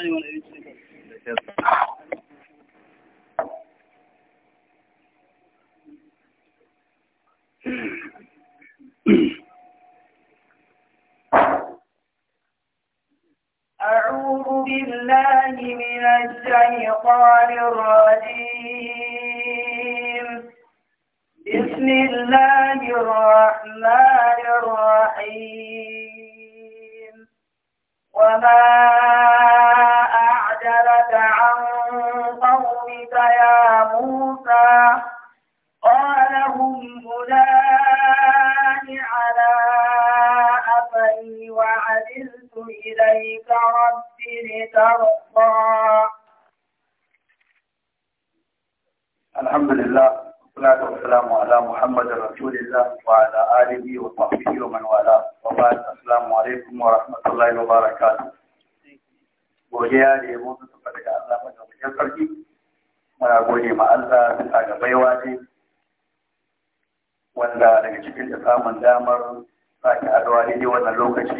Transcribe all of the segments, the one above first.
الإيمان والإنسان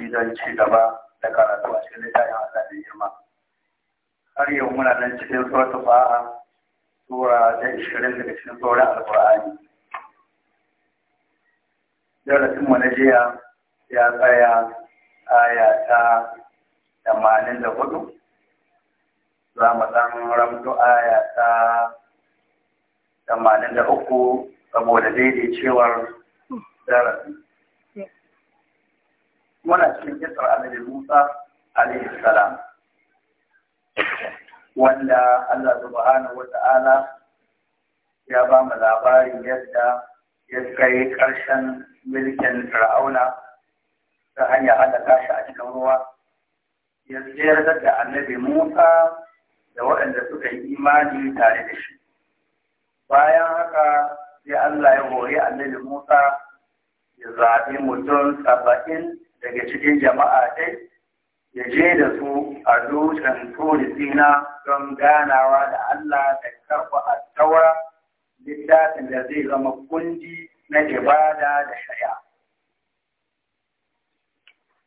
lokaci ci gaba da karatu a cikin littafin Allah da girma. Har yau muna nan cikin suratul ba'a sura ta ishirin daga cikin sauran Alƙur'ani. Darasin mu na jiya ya tsaya aya ta tamanin da hudu. Za mu ɗan ramto aya ta tamanin da uku saboda daidai cewar darasi. muna cikin kisar annabi Musa alaihi salam wanda Allah subhanahu wata'ala ya ba mu labarin yadda ya kai ƙarshen mulkin fir'auna ta hanyar haɗa shi a cikin ruwa ya tsayar da annabi Musa da waɗanda suka yi imani tare da shi bayan haka sai Allah ya hori annabi Musa ya zaɓi mutum saba'in daga cikin jama'a dai ya je da su a dutsen turisina don ganawa da Allah da karfa a taura littafin da zai zama kundi na ibada da shari'a.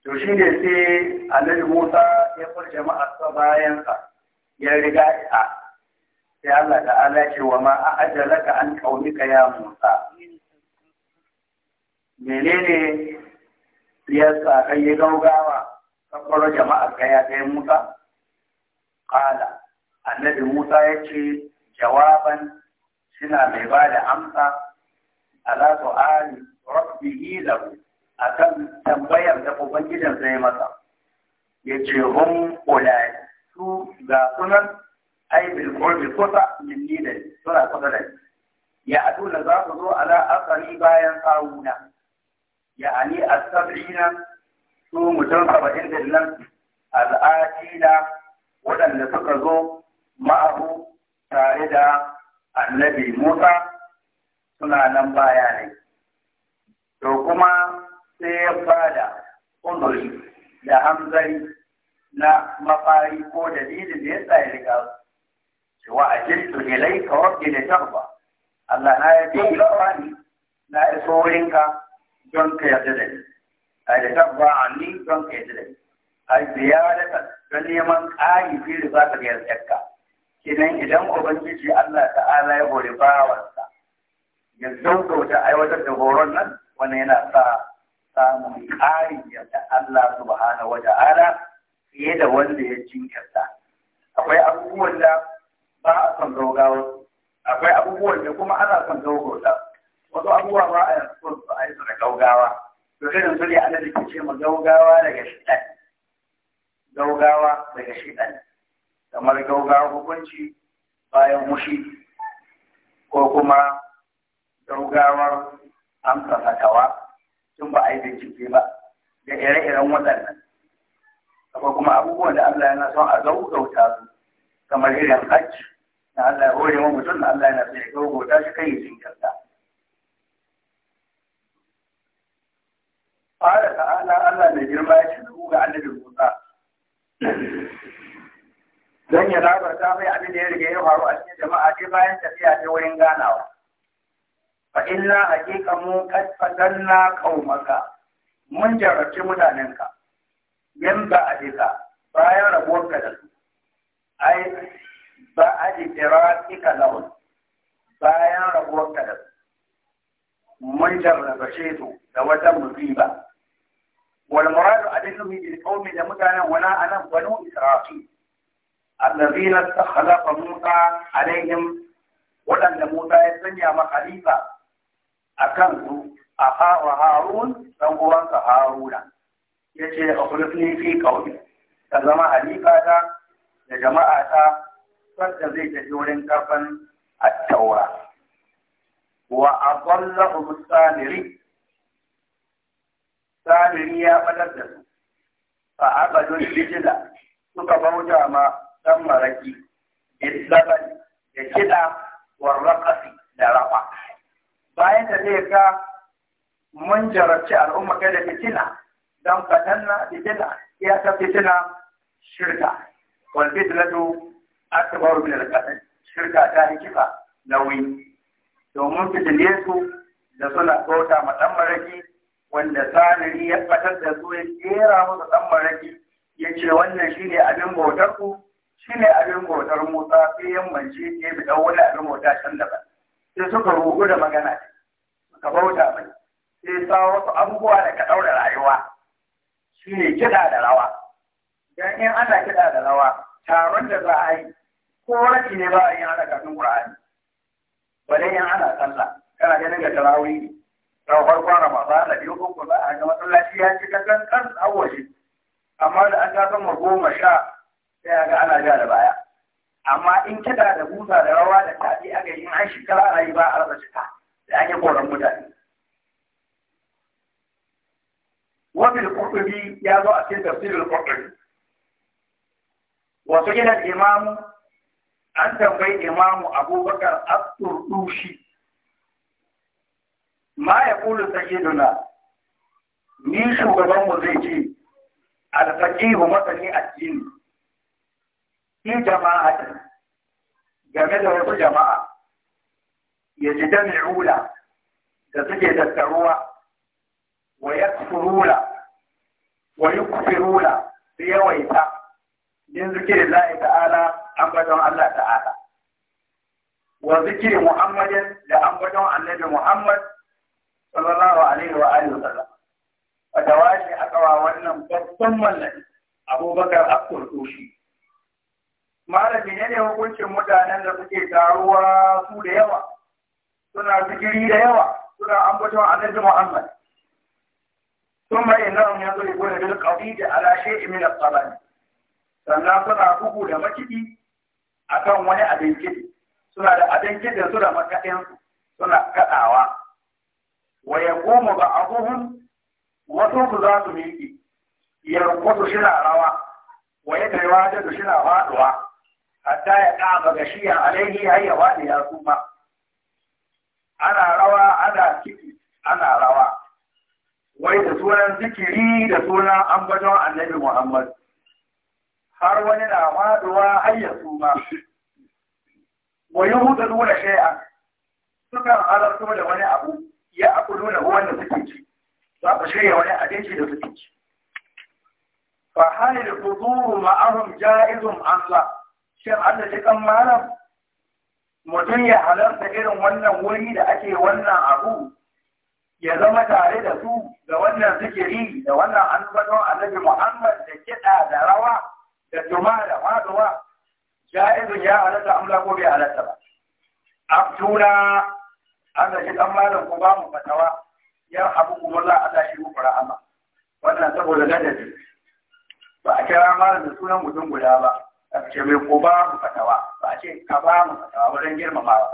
To shi ne sai Alhaji Musa ya fur jama'a sa bayansa ya riga a sai Allah ta'ala ce wa ma ajalaka an kaunika ya Musa. Menene siyasa kai ya gaugawa kabbaro jama'a kaya ya Musa Kala, annabi Musa ce jawaban suna mai ba da amsa ala su'ali rabbihi lahu akan tambayar da ubangijin sai masa yace hum ulai su ga sunan ai bil qurbi kusa min ni da suna kusa da ya aduna za su zo ala asali bayan kawuna يعني السبعين su mutum arba'in da nan al'adina waɗanda suka zo ma'ahu tare da annabi Musa suna nan baya ne. To kuma sai ya bada unuri da hamzari na mafari ko dalilin da ya tsaye riga cewa a jirtu ilai ka rabbi da tarba Allah na ya ce na iso wurinka don ka yarda da ni a da tabba ni don ka yarda da ni a don neman ƙari fi riba ka yardarka kenan idan ubangiji Allah ta'ala ya hori bawansa ya sautauta aiwatar da horon nan wani yana sa samun ƙarin yadda Allah subhanahu wa ta'ala fiye da wanda ya jinkirta akwai abubuwan da ba a son gaugawa akwai abubuwan da kuma ana son gaugawa wasu abubuwa ba a yanzu ba a yi su da gaugawa to irin su ne ana da ce ma gaugawa daga shiɗan gaugawa daga shiɗan kamar gaugawa hukunci bayan mushi ko kuma gaugawar amsa sakawa, tun ba a yi bincike ba da ire-iren waɗannan akwai kuma abubuwan da Allah yana son a gaugauta su kamar irin hajji na Allah ya hore wa mutum na Allah yana son ya gaugauta shi kai ya jinkirta fara ta'ala Allah mai girma ya shigo ga annabi Musa don ya labarta mai abin da ya riga ya faru a cikin jama'a dai bayan tafiya ta wurin ganawa fa inna haqiqa mu qad fadanna qaumaka mun jarabci mutanenka yan ba adika bayan ka da su ai ba adira kika lahun bayan ka da su mun jarrabace su da wata musiba والمراد أدلهم بالقوم لمتانا ولا أنا بنو إسرائيل الذين استخلف موسى عليهم ولن موسى يسني ما خليفة أكنت أخا هارون فهو هارون يجي أخلفني في قومي كما خليفة لجماعة فالذي تجول كفن التوراة وأضلهم السامري sadiri ya fadar da su fa abadun bijila suka bauta ma dan maraki billaban da kiɗa warraƙasi da rafa bayan da zai ga mun jarabci al'umma kai da fitina don fatanna fitina ya ta fitina shirka wal fitnatu akbar min al-qatl shirka ta hikifa nauyi domin fitine su da suna bauta ma dan maraki wanda sanari ya fatar da su ya kera musu ɗan maraki ya ce wannan shi ne abin bautar ku shi ne abin bautar musa sai yammanci ya bi ɗan wani abin bauta can daban sai suka rugu da magana suka bauta mai sai sa wasu abubuwa da ka ɗaura rayuwa shi ne kiɗa da rawa dan in ana kiɗa da rawa taron da za a yi ko raki ne ba a yi ana kafin ƙur'ani bare in ana sallah kana ganin ga tarawih daga farkon ramadan da biyu uku za a ga masallaci ya ci kan kan awashi amma da an ga mu goma sha sai ga ana ja da baya amma in kiɗa da busa da rawa da tafi aka yi an shekara a yi ba a rasa cika, da an yi koran mutane wabil qurtubi ya zo a cikin tafsirul qurtubi Wasu sujina imamu an tambayi imamu abubakar as dushi ma ya kulu sayyiduna ni shugaban mu zai ce alfaqihu masani addini jama'a jama'atin game da wasu jama'a ya ji dami'ula da suke tattaruwa wa yakfurula wa yukfirula su yawaita min zikirin lahi ta'ala ambaton Allah ta'ala wa zikirin Muhammadin da an ambaton annabi Muhammad sallallahu alaihi wa alihi wasallam fatawa wace aka wa wannan babban mallaki abubakar akurtushi malami ne ne hukuncin mutanen da suke taruwa su da yawa suna zikiri da yawa suna an ambaton annabi muhammad ثم إنهم يضربون بالقضيد على شيء من الطبن sannan suna bugu da makiɗi a kan wani abin kiɗi suna da abin da su da makaɗin suna kaɗawa wa ya yaqumu ba'dhum wasu ku za su miƙe yarkutu shina rawa wa ya kai wajen shina faduwa hatta ya ƙafa ga shiya alaihi har ya faɗi ya kuma ana rawa ana ciki ana rawa wai da sunan zikiri da suna ambaton annabi muhammad har wani na faduwa har ya suma wa yahudu nuna shay'an sukan halartu da wani abu ya aku nuna wanda suke ci za ku shirya wani abinci da suke ci fa halil huduru ma'ahum ja'izum Allah shin Allah ta kan malam mutum ya halarta irin wannan wuri da ake wannan abu ya zama tare da su da wannan zikiri da wannan annabawan annabi Muhammad da kiɗa da rawa da tuma da faduwa ja'izun ya halarta amla ko bai halatta ba abdura Allah shi dan malam ko ba mu fatawa ya abu kuma za a tashi muku rahama wannan saboda ladabi ba a kira malam da sunan mutum guda ba a ce mai ko ba mu fatawa ba a ce ka ba mu fatawa wajen girmamawa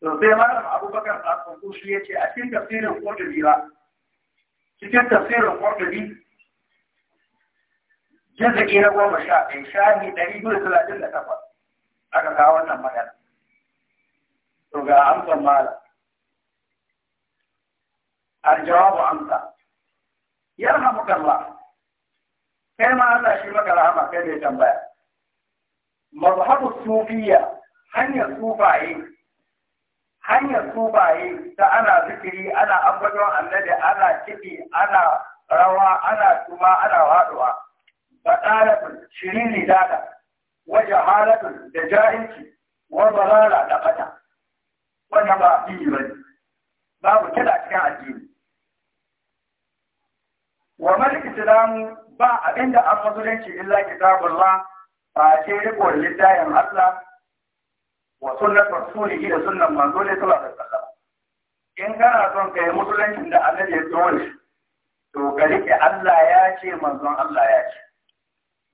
to sai malam abubakar kunku shi ya ce a cikin tafsirin ƙudiri ba cikin tafsirin ƙudiri jazzaki na goma sha ɗaya shahi ɗari biyu da talatin da takwas aka kawo wannan magana to ga amsar mala jawabu amsa yarhamuka Kalla. kai ma Allah shi maka rahama kai ne tambaya mazhabu sufiya hanyar sufaye hanyar sufaye ta ana zikiri ana ambaton annabi ana kiɗi ana rawa ana tuma ana haɗuwa fadalatun ne dada wajen halatun da jahilci wa balala da fata wannan ba addini ba babu kada cikin addini wa malik islamu ba abinda an musulunci illa kitabullah a ce riko littayin Allah wa sunnat rasulihi da sunnan manzo ne sallallahu alaihi in kana son kai musuluncin da Allah ya tsore to ka rike Allah ya ce manzon Allah ya ce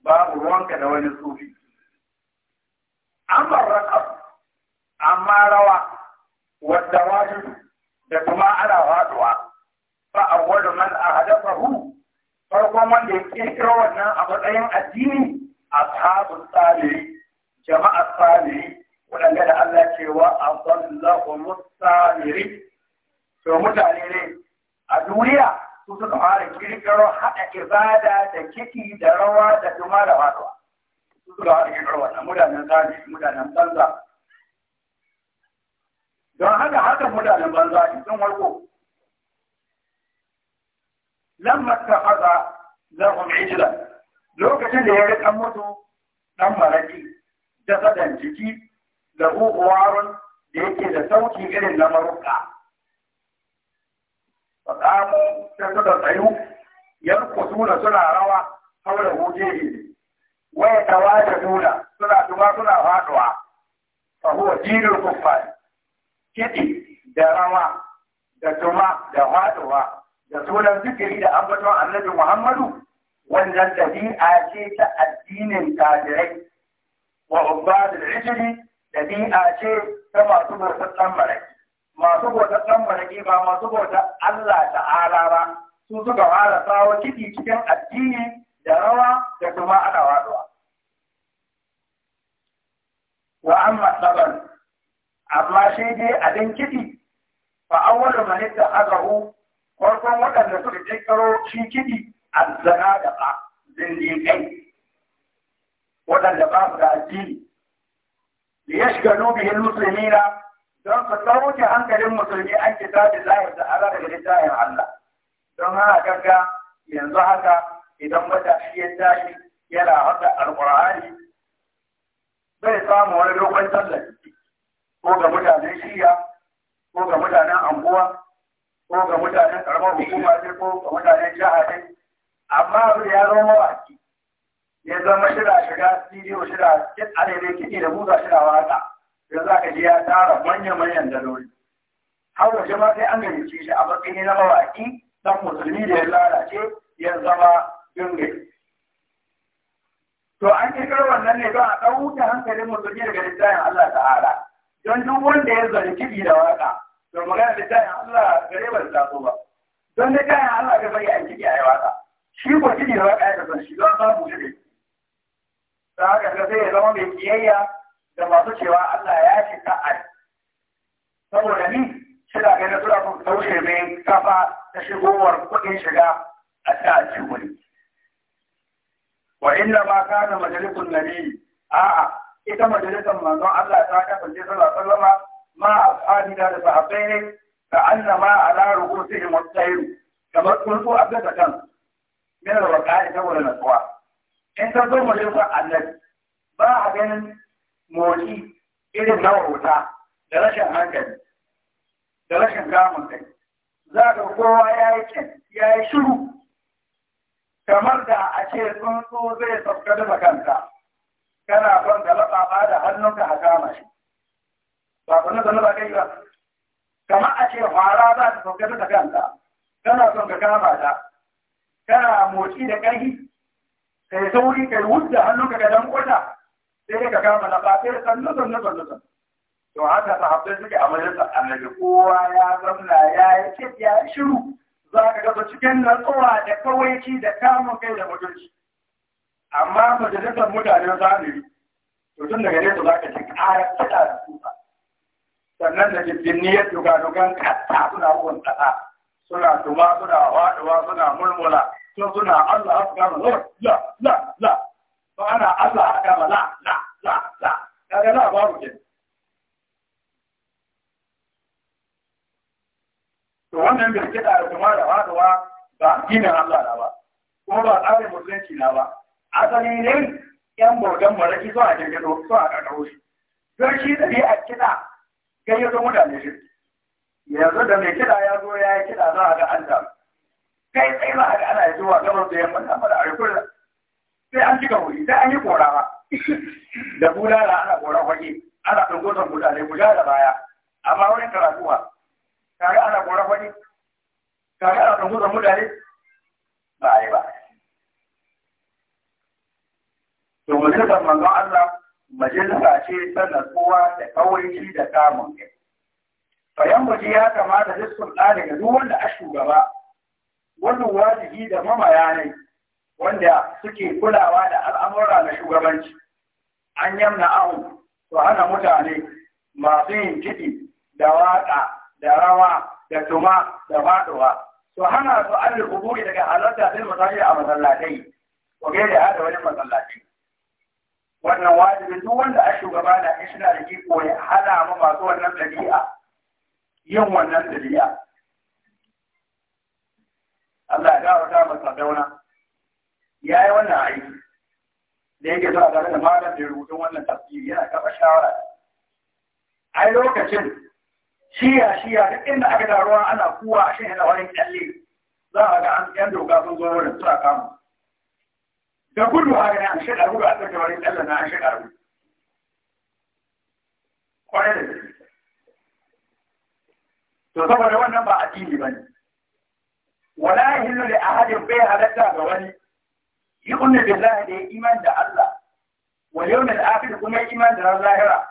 babu ruwanka da wani sufi amma raqab amma rawa ahdathahu farkon wanda ya kirkiro wannan a matsayin addini ashabul salih jama'a salih wadanda da Allah ke cewa adallahu musaliri to mutane ne a duniya su suka fara kirkiro haɗa ibada da kiki da rawa da duma da faɗuwa su suka fara kirkiro wannan mutanen salih mutanen banza don haka hakan mutanen banza sun warko lamma na faɗa lokacin da ya riƙa mutu ɗan maraƙi da sadan jiki da uwarun da yake da sauki irin na maruƙa. Fasamu ta suka tsayu, yankutu da suna rawa haura hujeri, waya ta waje nuna suna duba suna faɗuwa, fahuwa jirin kuffari, kiɗi da rawa da tuma da faɗuwa da sunan zikiri da ambaton annabi Muhammadu wannan dabi'a ce ta addinin kafirai wa ubadul ijli dabi'a ce ta masu bautan maraki masu bautan maraki ba masu bautan Allah ta'ala ba su suka fara sawo cikin addini da rawa da kuma ana waɗuwa wa amma saban amma shi dai abin kiɗi fa awwalu man ittakhadahu farkon waɗanda suka ƙirƙiro shi kiɗi a zana da ba zindiƙai waɗanda ba su da addini da ya shiga nubihin musulmi na don su ɗauke hankalin musulmi an sa da layar da ala daga littafin Allah don haka gaga yanzu haka idan matashi ya tashi yana haka alƙur'ani Zai samu wani lokacin tallafi ko ga mutanen shiya ko ga mutanen anguwa ko ga mutanen karamar hukuma ce ko ga mutanen jihar ne amma abu ya zama baki ya zama shida shiga studio shida kit alele kiɗi da buga shida waka da za ka ji ya tara manya-manyan daloli har wajen ma sai an gayyace shi a matsayin na mawaki dan musulmi da ya lalace ya zama dingai to an kirkiro wannan ne don a ɗauke hankalin musulmi daga littafin Allah ta'ala don duk wanda ya zargi da waka da magana da kayan Allah gare ba ta so ba don da kayan Allah ga bai an kike ayi waka shi ko kike da waka da san shi don ba mu shi da haka ga sai ya zama mai kiyayya da masu cewa Allah ya ce ta ai saboda ni shida ga na sura kun taushe mai kafa ta shigowar kuɗin shiga a ta wani wa inna ma kana majalisun nabi a'a ita majalisar manzon Allah ta kasance sallallahu alaihi wasallama ما al'adina da sahabbai ne ka anna ma ala ru'usihim wasayru kamar tsuntsu a bisa kan min al-waqa'i saboda natsuwa in ka zo mu lefa annabi ba a ganin motsi irin na wauta da rashin hankali kowa ya shiru kamar da a ce tsuntsu zai sauka da kanta kana son da laɓaɓa da hannunka a kama shi ba sanar sanar ba kai ba Kama a ce fara za ta sauke ta kanta kana son ka kama ta kana motsi da ƙarfi kai sauri kai wuce hannu ka gadon kwata sai ka kama na ba sai san sannu sannu sannu to haka sahabbai suke a majalisar annabi kowa ya zamna ya yi ce ya yi shiru za ka gaba cikin natsuwa da kawaici da kamun kai da mutunci amma majalisar za zamani to tun daga nesa za ka ci ƙara kiɗa da tufa sannan da jinniyar dugadugan kata suna wuntata suna tuma suna waɗuwa suna mulmula sun suna Allah akbar la la la ba ana Allah akbar la la la la kaga la babu ke to wannan bai kida da tuma da waɗuwa ba ginin Allah na ba kuma ba tsarin musulunci na ba asali ne yan bautan maraki zuwa jirgin ruwa zuwa ƙarƙaroshi don shi da ne a kiɗa kai ya zo mutane shi yanzu da mai kiɗa ya zo ya yi kiɗa za a ga an da kai tsaye za a ga ana zuwa gabar da yamma na mara arikunan sai an cika wuri sai an yi ba da bulala ana kora kwaki, ana tungusan mutane guda da baya amma wani karatuwa kaga ana kora kwaki, kaga ana tungusan mutane ba a yi ba to mutum manzon Allah majalisa ce ta natsuwa da kawaici da samun kai fayan waje ya kamata duk sun daga duk wanda a shugaba wannan wajibi da mamaya ne wanda suke kulawa da al'amura na shugabanci an yamna ahu to hana mutane masu yin kiɗi da waƙa da rawa da tuma da faɗuwa to hana su an daga halarta sai masallaci a masallatai ko da hada wani masallaci wannan wajibi duk wanda a shugaba na shi na da iko ya hana ma masu wannan dariya yin wannan dariya Allah ya gawa ta masa dauna ya yi wannan aiki da yake zuwa tare da malam da rubutun wannan tafsiri yana kafa shawara ai lokacin shiya shiya duk inda aka da ruwa ana kuwa a shi yana wani kalli za a ga an yan doka sun zo wurin suna kama da gudu a gani an shaɗa gudu a tsaka wani ɗalla na an shaɗa gudu kwarai da gaske to saboda wannan ba addini ba ne wala ya yahillu li ahadin bai halatta ga wani Yi billahi da iman da Allah yau yawmil akhir kuma iman da zahira?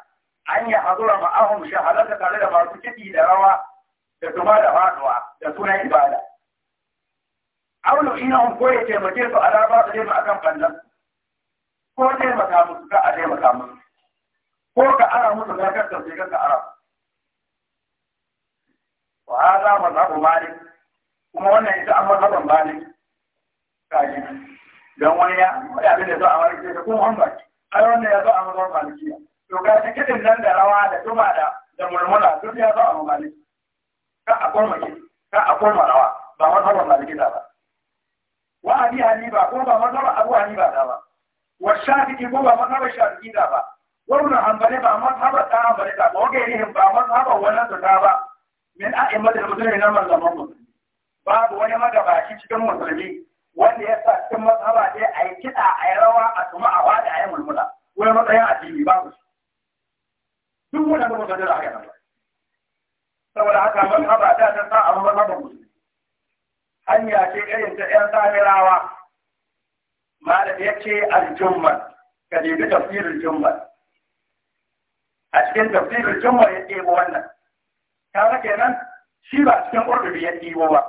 an yi hadura ma'ahum shahadata tare da masu kiɗi da rawa da tuma da faduwa da sunan ibada aulo ina ko yake mace su a raba su ne akan kallon ko taimaka musu ka a taimaka musu ko ka ara musu na ka sauke ka ara wa hada mazhabu malik kuma wannan ita an mazhaban malik kaji don wani ya wani abin da zo a malikiya ko an ba ai wannan ya zo a mazhaban malikiya to ka ci kidin nan da rawa da tuma da da murmula duk ya zo a mazhaban malik ka a koma ka a koma rawa ba mazhaban da ba wa abi ko ba mazhaba abu hanifa da ba wa ko ba mazhaba shafi'i ba wa ibn hanbali ba mazhaba ta hanbali da ba wa wannan da ta na wani magabaci cikin musulmi wanda ya sa cikin mazhaba dai a yi kiɗa a yi rawa a tuma a wada a yi mulmula wani matsayin addini babu su duk wanda da haka nan saboda haka mazhaba ta ta sa a mazhaban musulmi hanya ce irin ta ‘yan samirawa, malam ya ce aljumma, ka jebi tafsirin jumma. A cikin tafsirin jumma ya ɗebo wannan, ta kenan shi ba cikin ƙurɗuri ya ɗebo ba,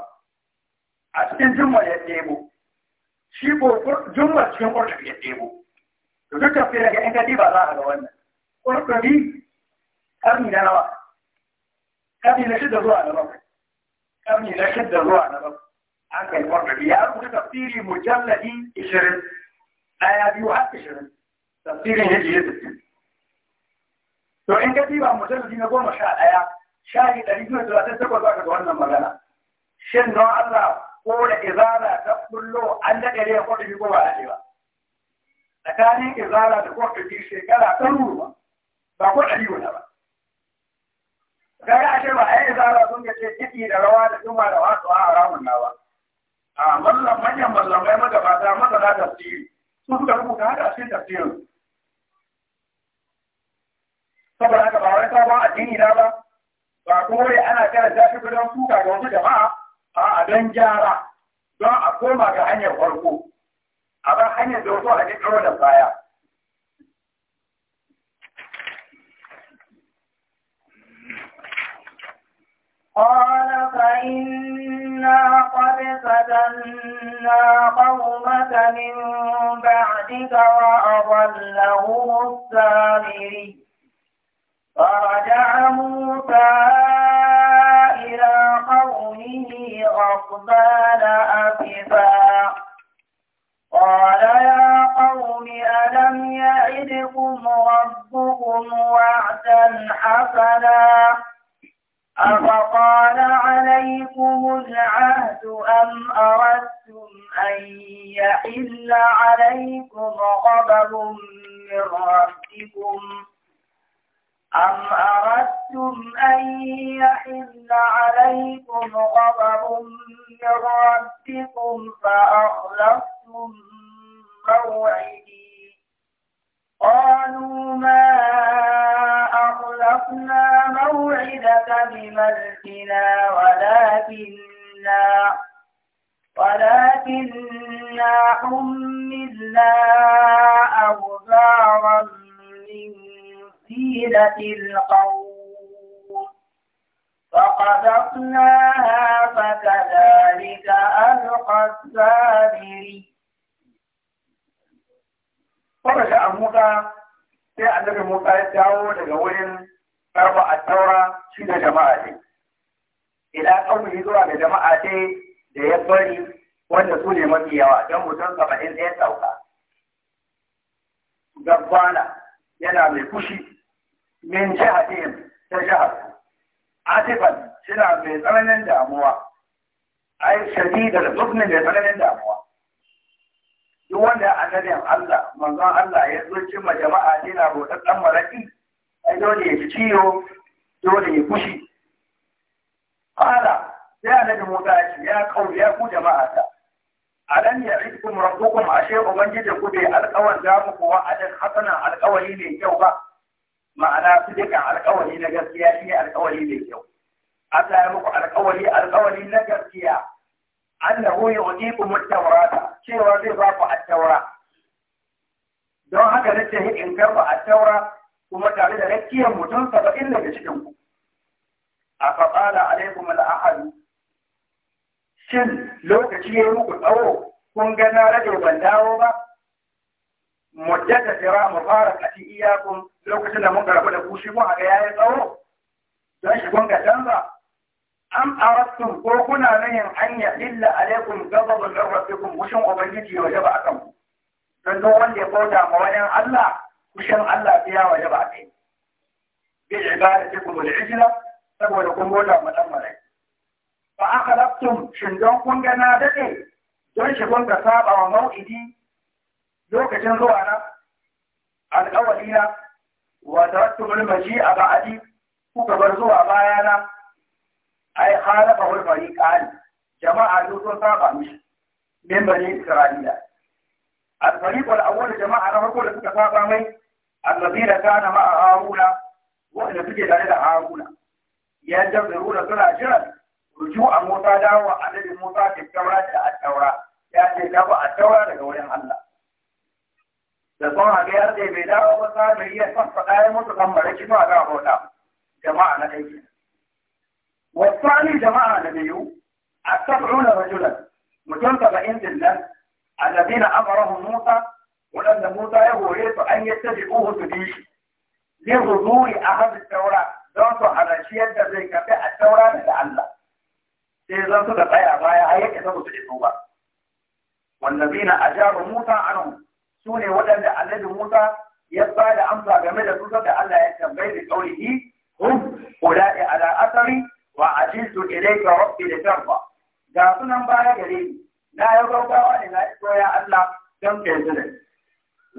a cikin jumma ya ɗebo, shi ko jumma cikin ƙurɗuri ya ɗebo. To duk tafsirin ga ‘yan gadi ba za a ga wannan. Ƙurɗuri ƙarni na nawa, ƙarni na shidda zuwa na bakwai, ƙarni na shidda zuwa na bakwai. aka yi wannan ya rubuta tafsiri mujalladi 20 daya biyu har 20 tafsirin ya jiye da to in ka diba mujalladi na goma sha daya shahi ɗari biyu talatin takwas aka ga wannan magana shin don Allah ko da izala ta kullo an daɗe ne kwaɗi ko ba a ba tsakanin izala da kwaɗi shekara ta ruwa ba kwaɗi wani ba kaga a ce ba a yi izala sun ga ce kiɗi da rawa da juma da wasu a haramun nawa a ah, mallam manyan mallamai magabata masana tafsiri su suka rubuta haka a cikin tafsirin saboda haka ba wani sabon addini na ba ba kowai ana karanta shi don suka ga wasu jama'a a don gyara don a koma ga hanyar farko a ba hanyar da wasu a ƙirƙiro da baya قال فإن لقد فتنا قومك من بعدك وأضلهم السامري فرجع موسى إلى قومه غضبان أسفا قال يا قوم ألم يعدكم ربكم وعدا حسنا أفقال عليكم العهد أم أردتم أن يحل عليكم غضب من ربكم أم أردتم أن يحل عليكم غضب من ربكم فأخلفتم موعدي قالوا ما أخلفنا موعدك بملكنا ولكننا ولكننا حملنا أوزارا من سيلة القوم فقدرناها فكذلك ألقى السامري Fara da Musa sai annabi Musa ya dawo daga wurin karba a taura shi da jama'a ne. Ila yi zuwa da jama'a ne da ya bari wanda su ne mafi yawa don mutum saba'in ɗaya sauka. Gabbana yana mai fushi min jihatihim ta jihar. Atifan suna mai tsananin damuwa. Ai, da zubnin mai tsananin damuwa. duk wanda annabin Allah manzon Allah ya zo cin ma jama'a ne na bautar dan maraki ai dole ya ciyo dole ya kushi qala sai annabi Musa ya ce ya kauri ya ku jama'a ta alam ya'idukum rabbukum ashe ubangiji ku bai alƙawar da muku wa'adin hasana alƙawari ne kyau ba ma'ana su duka alƙawari na gaskiya shi ne alƙawari kyau Allah ya muku alƙawari alƙawari na gaskiya annahu yu'tikum at-taurata cewa zai ba ku at-taura don haka nace in karba at-taura kuma tare da rakiyar mutum saba'in daga cikin ku a qala alaikum al shin lokaci ya muku tsawo kun ga na rage ban dawo ba muddata jira mubarakati iyakum lokacin da mun karbu da ku mu mun ga yayi tsawo don shi kun ga canza am arattum ko kuna nayin an ya illa alaikum gababun min rabbikum mushin ubangiji ya wajaba akan ku don wanda ya bauta ma wani Allah kushin Allah sai ya wajaba akai bi ibadatikum al-ijla saboda kun bauta ma dan malai fa akhlaqtum shin don kun ga na dade don shi kun ga saba wa mau'idi lokacin zuwa na alƙawari na wa tarattum al-maji'a ba'adi kuka bar zuwa bayana ai khalafa wal fariqan jama'a su sun saba mishi min bani isra'ila al fariq al awwal jama'a na farko da suka saba mai alladina kana ma'a haruna wanda suke tare da haruna ya da suna jiran a Musa dawo annabi Musa ke taura da at-taura ya ce ta ba at-taura daga wurin Allah da son haka ya bai dawo ba sa mai iya fassada ya mutu kan baraki ba ga hota, jama'a na aiki والثاني جماعة نبيه السبعون رجلا مجن عند الله الذين أمرهم موسى ولن موسى يهويت أن يتبعوه تديش لغضور أهد التوراة دونسو على شيء زي كفاء التوراة لعله سيزن سوى غاية غاية أي كتاب سعيدوها والذين أجابوا موسى عنهم سوني ولن الذي موسى يبقى لأمضى جميلة سوى الله يتبعي لقوله هم أولئي على أثري wa ajiltu ilayka rabbi litarda ga sunan baya gare ni na yi gaggawa ne na iso ya Allah don kai zulun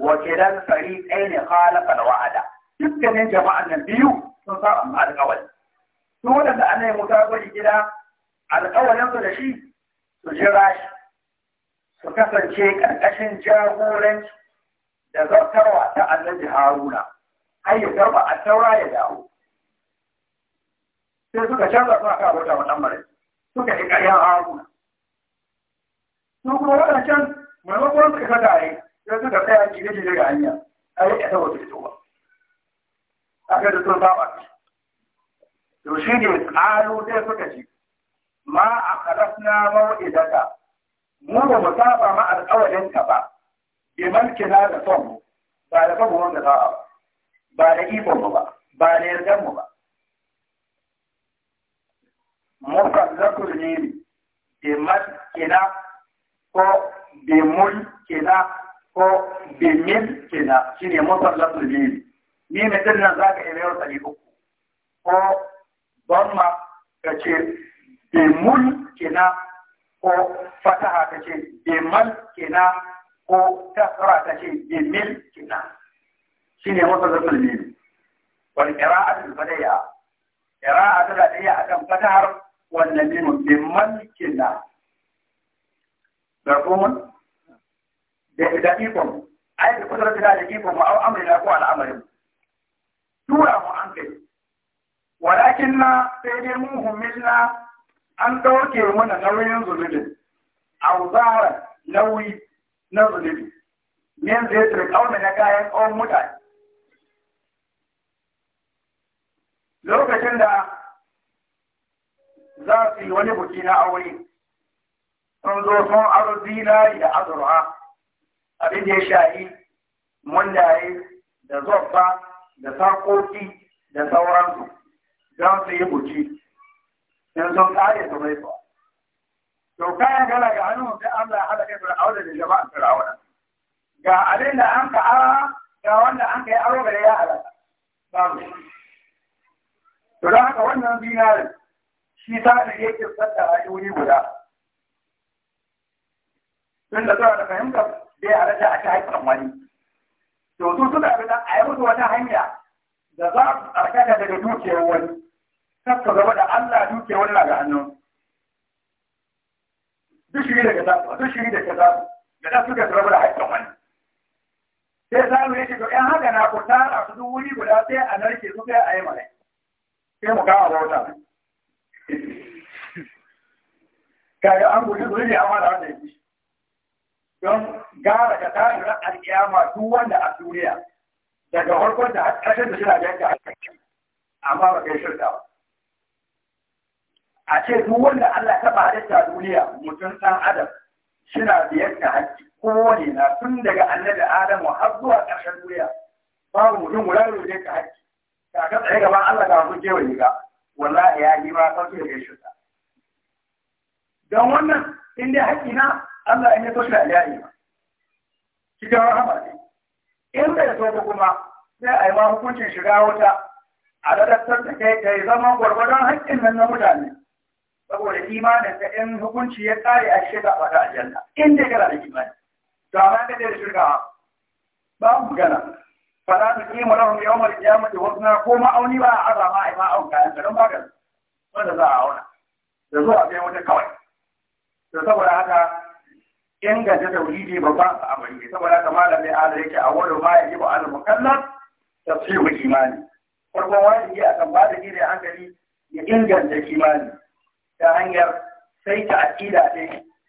wa kidan fari ɗaya ne khalaqa wa'ada dukkanin jama'an nan biyu sun saba ma alƙawari su waɗanda ana yi muka gwada gida alƙawalin su da shi su jira shi su kasance ƙarƙashin jagoran da zartarwa ta annabi Haruna har ya karɓa a taura ya dawo sai suka canza su a aka abota wa ɗanmare suka yi ƙarya a haruna su kuma waɗancan maimakon suka kada a yi sai suka tsaya gine-gine ga hanya a yi ƙasa wata fitowa a ga sun saba shi to shi ne ƙalu sai suka ci ma a kalasna mau'idaka mu ba mu saba ma alƙawarinka ba bi malkina da son mu. ba da son wanda za a ba ba da ikon mu ba ba da yardan mu ba mukallakul ne be bi maskina ko be mul mulkina ko bi milkina shine mukallakul ne ne. ni ne din nan zaka iya yau sai uku ko dhamma be mul mulkina ko fataha be mal malkina ko kasra kace bi milkina shine mukallakul ne ne. Wani wal qira'atu fadaya qira'a ɗaya a akan fatahar wanda ne mu bi malikila da kuma da da ikon ai da kudura da da ikon mu au amri na ko al'amarin tura mu an kai na sai dai mun na an ɗauke mana nauyin zulubin auzara nauyi na zulubi min zai tura kauna na kayan kawon mutane lokacin da za su yi wani buki na aure sun zo sun aro zinari da azurha abin da ya shahi mundaye da zobba da saƙoƙi da sauransu don su yi buki Sun sun kare su mai ba to kayan gala ga hannun sai Allah kai halaka fir'auna da jama'ar fir'auna ga abin da an ka ara ga wanda an ka yi aro ga ya halaka babu to don haka wannan zinarin shi ta da yake tsada a wuri guda tun da zuwa da fahimtar da ya halatta a shaifin wani to su suna da a yi musu wata hanya da za su tsarkata daga dukiyar wani kar su gaba da Allah dukiyar wani na ga hannun duk shiri daga zasu duk shiri daga da za su ga su da haifin wani sai samu yake to ‘yan haka na ku tara su duk wuri guda sai a narke su sai a yi mana sai mu kawo bauta kayan an guji zuri ne amma da wanda ya fi don gara ka tashi ran alƙiyama duk wanda a duniya daga farkon da ƙasar da suna yanka a kankan amma ba kai shirka ba a ce duk wanda Allah ta ba halitta duniya mutum ɗan adam suna biyar da haƙƙi kowane na tun daga annabi adamu har zuwa ƙarshen duniya babu mutum guda da ka haƙƙi ka ka tsaye gaban Allah ka hujje wa ka wallahi ya yi ma sauki da kai shirka don wannan in dai na Allah in ya toshe a ba cikin rahama in bai so ka kuma sai a yi ma hukuncin shiga wata a ladattar da kai kai zama gwargwadon haƙƙin nan na mutane saboda imanin ka in hukunci ya tsare a shiga wata aljanna in dai gara da imani to amma ka da shirka ba mu gana fara da kima lahum yawmal Wasu na ko ma'auni auni ba a azama a yi aun kayan garin bagar wanda za a auna da zuwa sai wata kawai to saboda haka inganta tauhidi babban al'amari ne saboda haka malami ala yake a wurin ma ya yi wa al mukallaf tafsiru imani farkon wajibi ba da gire hankali ya inganta imani ta hanyar sai ta aqida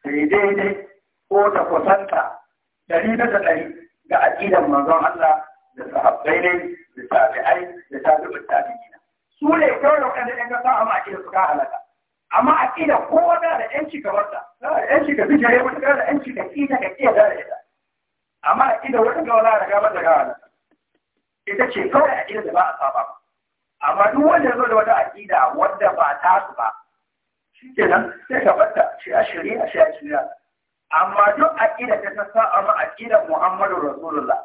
daidai ko ta kusanta dari da dari ga aƙidan manzon Allah da sahabbai ne da tabi'ai da tabi'ut tabi'ina su ne kawai wanda ɗan ka sa a ma'aƙi da suka halaka amma a kila kowa da da ƴanci ka barta da yanci ka bijire wata da da yanci ka kila ka kiyar da ita amma a kila wata ga wala da mata ga ita ce kawai a kila da ba a saba amma duk wanda ya zo da wata aƙida wanda ba ta su ba shi ke nan, sai ka barta shi a shari'a shi a shirya. amma duk aqida ta ta sa'a ma aqida Muhammadu Rasulullah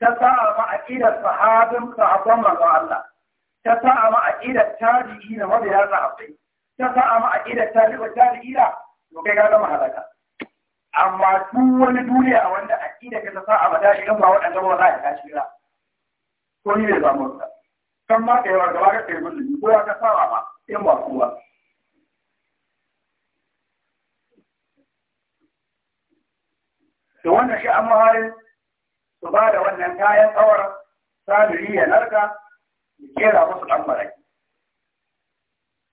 ta sa'a ma aqida sahabin sahabban manzon Allah ta sa'a ma aqida tabi'i na wanda ya sahabbai ta sa'a ma aqidar tabi'u tabi'ina to kai ka zama halaka amma duk wani duniya a wanda aqida ka sa sa'a ba da idan ba waɗanda ba za ka tashi ra ko ni ne ba mu kan ma yi wa gaba ka kai mun ko ka sa'a ma in ba kuwa to wannan shi amma harin su ba da wannan kayan tsawar sabiri ya narka ya kera musu ɗan marai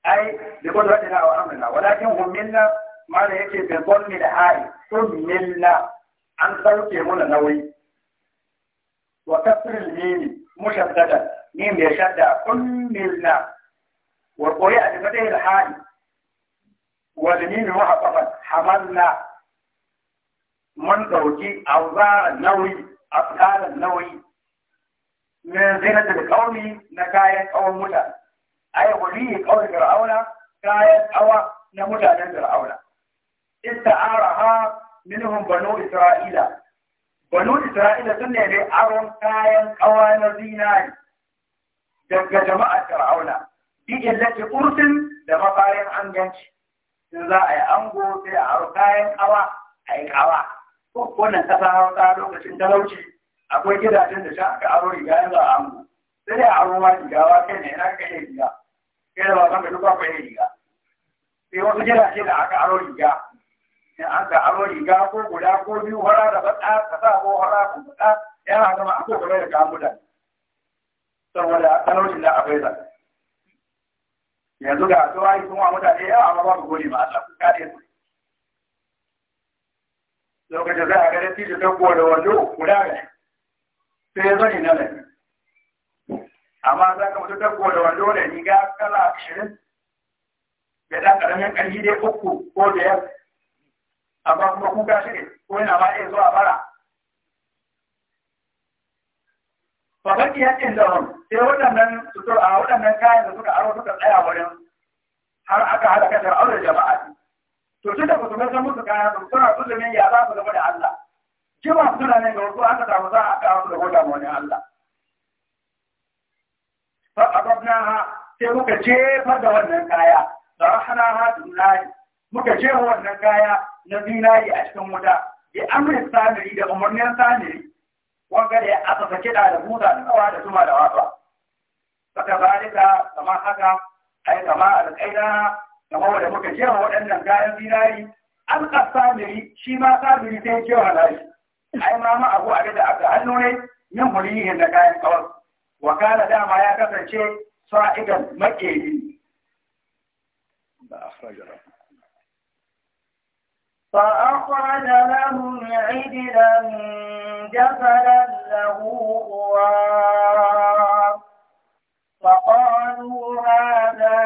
ai da qudratina na amrina walakin hum minna ma da yake bi dhanni da hari to minna an sauke muna nauyi wa kasr al mim mushaddada mim ya shadda kun minna wa qari'a bi fatih al hai wa mim hamar hamalna mun dauki awzara nauyi asqala nauyi min zinata al qawmi na kayan qawm mutane ai ne kawai fir'auna kayan awa na mutanen fir'auna ista'araha minhum banu isra'ila banu isra'ila sun ne dai aron kayan awa na zinari daga jama'ar fir'auna bi illati ursin da mafarin anganci in za a yi ango sai a aro kayan awa a yi kawa ko wannan kasa hausa lokacin talauci akwai gidajen da sha aka aro riga yanzu a ango sai dai a aro ma riga wa kai ne na kai riga yana wasan da duk akwai riga sai wasu da aka aro riga aro riga ko guda ko biyu da zama a kokarin da da da akwai yanzu sun wa mutane yawa ba su gode ma Allah su lokacin za a ga dattijo ta kowa da wando guda ne sai ya zani na nan amma za ka mutu dabbo da wando da riga kala ashirin da ɗan ƙaramin ƙarfi dai uku ko biyar amma kuma kuka shi ne ko yana ma iya zuwa bara Babaki yakin da wani sai waɗannan tutur a waɗannan kayan da suka aro suka tsaya wurin har aka haɗa kasar aure jama'a to tun da mutum san musu kayan su suna tuzumin ya za su zama da Allah jima suna ne ga wasu aka samu za a kawo su da wani Allah فقبضناها sai muka jefa da wannan kaya da rahana ha muka jefa wannan kaya na zinari a cikin wuta bi amrin samiri da umarnin samiri wanga da aka sake da da buda da kawa da tuma da wafa saka barika kama haka ai kama alƙaida kama da muka jefa waɗannan kayan zinari an ka samiri shi ma samiri sai jefa nashi ai ma ma abu a da aka hannu ne yin hulihin na kayan kawai wa kana dama ya kasance sa'idan makeri da akhrajahu فأخرج لهم عجلا جفلا له غراب فقالوا هذا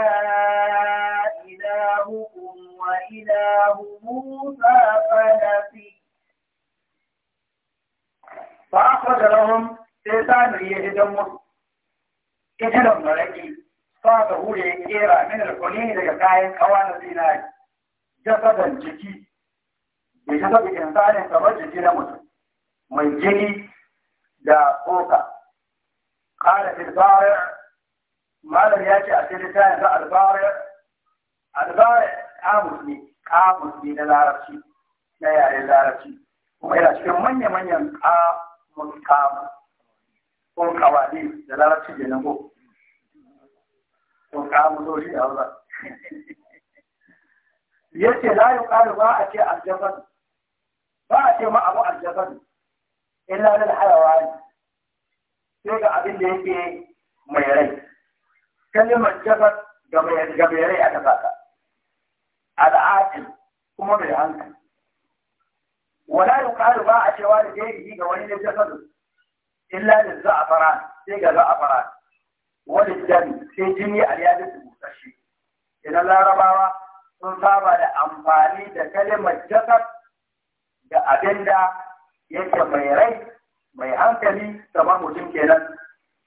إلهكم وإله موسى فنسي فأخرج لهم sai sami ya idan musu ita da maraki sa ta hure ya kera min alkulini daga kayan kawa na zinari jasadan jiki bai ta sabi insanin kamar jiki na mutum mai jini da tsoka kala filbari malam ya ce a cikin tayin sa albari albari kamus ne kamus ne na larabci na yaren larabci kuma yana cikin manya-manyan kamus kamus ko kawali da larabci ke nan ko to kamuloli da hausa ya ce la yi ƙari ba a ce aljabar ba a ce ma abu aljaban illa lil hayawa sai ga abin da yake mai rai kalimar jabar ga mai rai aka saka al'aqil kuma mai hankali wala yi ƙari ba a cewa da gairi ga wani ne jabar illa da za'afaran sai ga za'afaran wani dami sai jini a ya da busasshe idan larabawa sun saba da amfani da kalimar jasad da abinda yake mai rai mai hankali kamar mutum kenan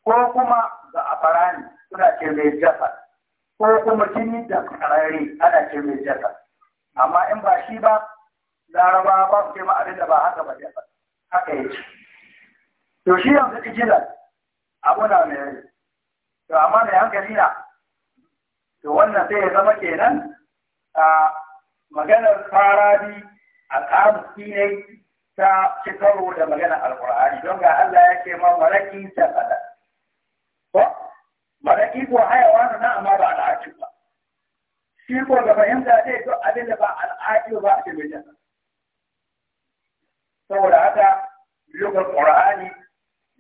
ko kuma ne, suna ce mai jasad ko kuma jini da karare ana ce mai jasad amma in ba shi ba larabawa ba su ce ma ba haka ba jasad haka yake to shi yanzu ijilan abu na mai rai to amma mai hankali na to wannan sai ya zama kenan a maganar farabi a kamusi ne ta ci karo da maganar alkur'ani don ga Allah ya ce ma maraki ta kada ko maraki ko hayawa na amma ba al'aci ba shi ko ga fahimta dai duk abin da ba al'aci ba a ce mai saboda haka lokacin qur'ani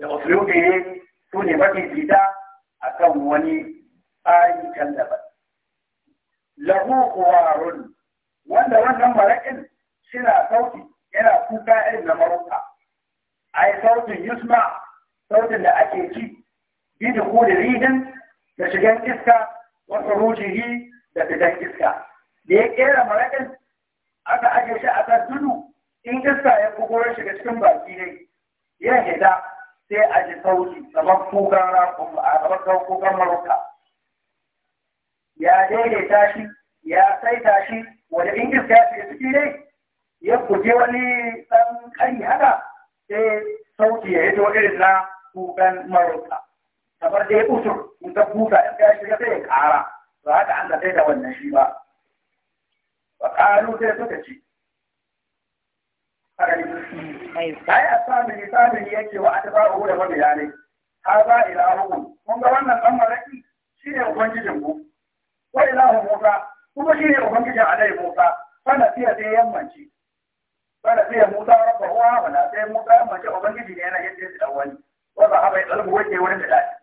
da usulubi ne su ne mafi fita a kan wani tsari can daban. Lahu kuwarun wanda wannan maraƙin suna sauti yana kuka irin na maruka. Ai sautin yusma sautin da ake ci bi da da rigin da shigan iska wasu rujihi da fitan iska. Da ya kera maraƙin aka ajiye shi a kan tudu in iska ya bugo shiga cikin baki ne ya hida sai a ji sauki kamar kukan rafin a kamar kukan maruka ya daidaita shi ya saita shi wani ingis ya fi ciki ne ya guje wani ɗan kari haka sai sauki ya yi irin na kukan maruka kamar da ya kusur in ta kuka in ta shiga sai ya kara ba haka an da sai da wannan shi ba. Ba ƙaru sai suka ce ai a sami ne sami yake wa atba'uhu da mabiya ne haza ilahukum Mun ga wannan dan malaki shine ubangijin ku wa ilahu musa kuma shine ubangijin alai musa fana fiye sai yammanci fana fiye musa rabba huwa wala sai musa yammanci ubangiji ne yana yadda ya dan wani wa ba haɓa ya wake wurin da dace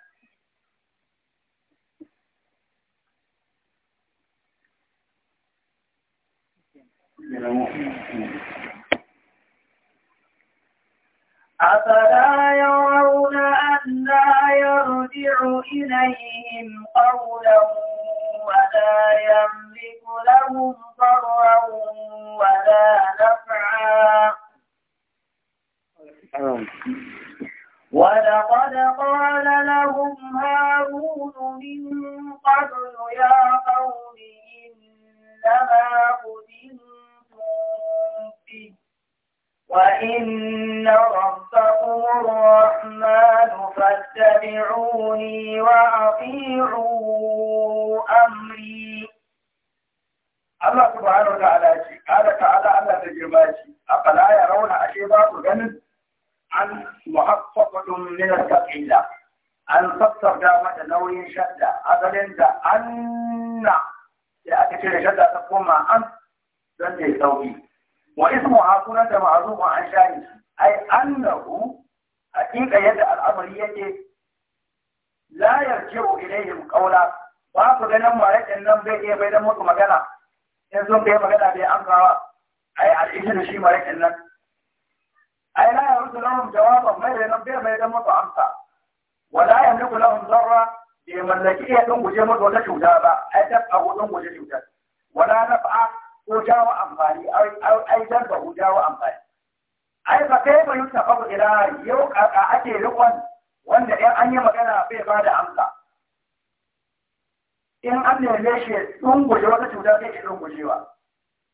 Thank أفلا يرون أن لا يرجع إليهم قولا ولا يملك لهم ضرا ولا نفعا ولقد قال لهم هارون من قبل يا قوم إنما فتنتم به وإن ربكم الرحمن فاتبعوني وأطيعوا أمري الله سبحانه وتعالى قال تعالى أن تجرباتي أقلا يرون أشيبات الجنة أن محقق من التقيلة أن تقصر دامة نوي شدة أقل أن يأتي شدة تقوم أن تنتهي توبيه واسمها سنة معروف عن شاهد أي أنه حقيقة يد الأمرية لا يرجع إليهم قولا ba su ganin mare ɗin bai iya bai da musu magana in sun bai magana bai an kawa a yi al'ishi da shi mare ɗin nan a yi layar jawaban mai da nan mai da musu amsa wala ya mulku lahun zarra bai mallaki iya ɗin cuta ba ai a cutar wala na hudawa amfani ai dan ba hudawa amfani ai fa kai ba yuta fa ila yau a ake rikon wanda in an yi magana bai ba da amsa in an neme shi dunguje wata cuta zai ke dungujewa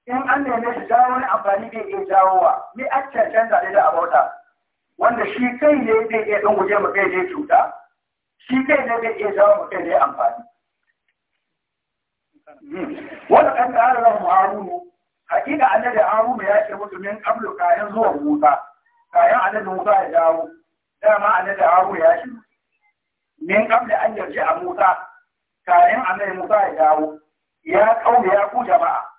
in an neme shi jawo wani amfani bai iya jawowa ni a cancan zaɗe da abota wanda shi kai ne bai iya dunguje mu kai ne cuta shi kai ne bai iya jawo mu kai ne amfani wanda kan da lahu harunu hakika annabi harunu ya ce mutum min qablu kayan zuwa musa kayan annabi musa ya dawo dama annabi harunu ya ce min qabli an yarji a musa kayan annabi musa ya dawo ya kauye ya ku jama'a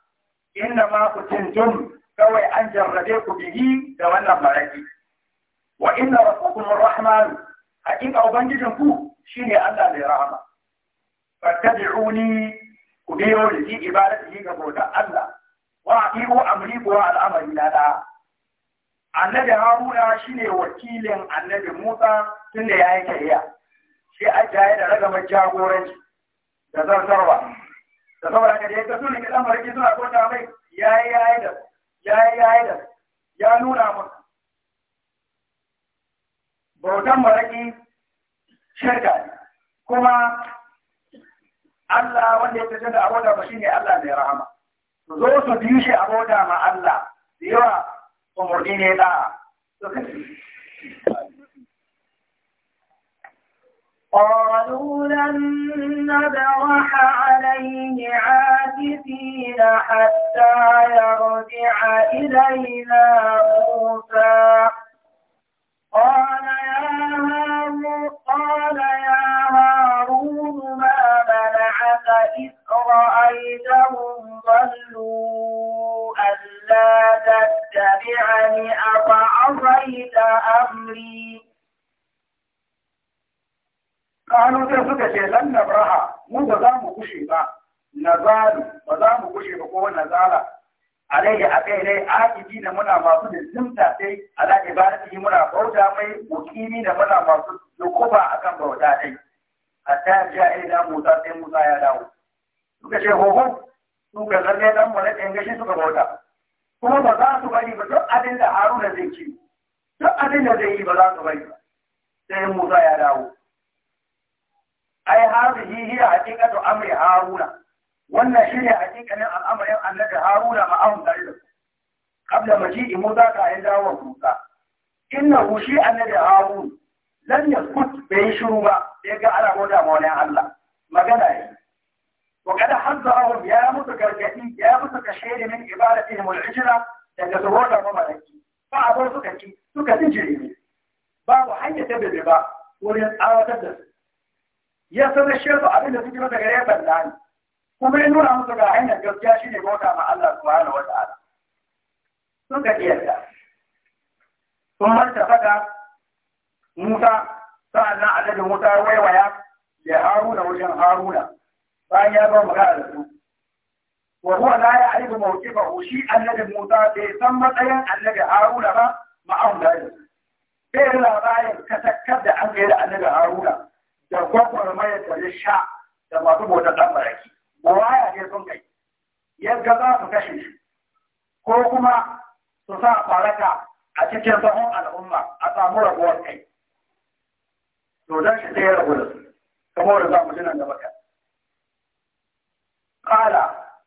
inna ma kutintum kawai an jarrabe ku bihi da wannan baraki wa inna rabbukum arrahman hakika ubangijinku shine Allah mai rahama fattabi'uni ku biyo da shi ibadatihi ga bautar Allah wa aqimu amri ko al'amari na da annabi Haruna shine wakilin annabi Musa tunda yayi kariya shi ajaye da ragamar jagoranci da zartarwa da saboda ka da ya tasu ne kadan suna kota mai yayi yayi da yayi yayi da ya nuna maka bautan maraki shirka kuma Allah wanda ya tafi da abota ba shine Allah mai rahama zo su bi shi abota ma Allah yawa umurni ne da قالوا لن نبرح عليه عاكفين حتى يرجع إلينا موسى قال يا قالوا ألا تتبعني أفعصيت أمري قالوا suka ce lan nabraha mu ba za mu kushe ba nazalu ba za mu kushe ba ko nazala alaihi a kai dai aiki da muna masu lizzimta sai ala yi muna bauta mai mukimi da muna masu dukuba akan bauta dai hatta ya ji a ina musa sai musa ya dawo suka ce hoho su ga zarge dan mu na suka bauta kuma ba za su bari ba duk abin da haruna zai ci duk abin da zai yi ba za su bari ba sai musa ya dawo ai hazihi hiya haqiqatu amri haruna wannan shine haqiqanin al'amarin annabi haruna ma an gari da qabla maji'i musa ka ya dawo musa innahu shi annabi harun lam yaskut bai shiru ba sai ga ana goda ma wani Allah magana ne وقد حذرهم يا متكركتي يا متكشير من عبادتهم العجلة يتزوج ممالكي فأبو سكتي سكتي جريمي باب حية بالربا ولن آوة الدس ya sanar shi su abin da suke mata gare banda ne kuma ya nuna musu ga hanyar gaskiya shi ne bauta ma Allah subhanahu wa ta'ala sun ga yarda sun manta fada Musa sa'annan annabi Musa waiwaya ya Haruna wajen Haruna bayan ya ba magana da su na ya la ya'rifu mawqifahu shi annabi Musa bai san matsayin annabi Haruna ba ma'aun da shi bai labarin kasakkar da an yi da annabi Haruna da gwagwarmayar da ya sha da masu bautar ɗan baraki buwaya ne sun kai yadda za su kashe shi ko kuma su sa faraka a cikin sahun al'umma a samu rabuwar kai to don shi sai ya rabu da su kamar da za mu ji nan gaba kan kala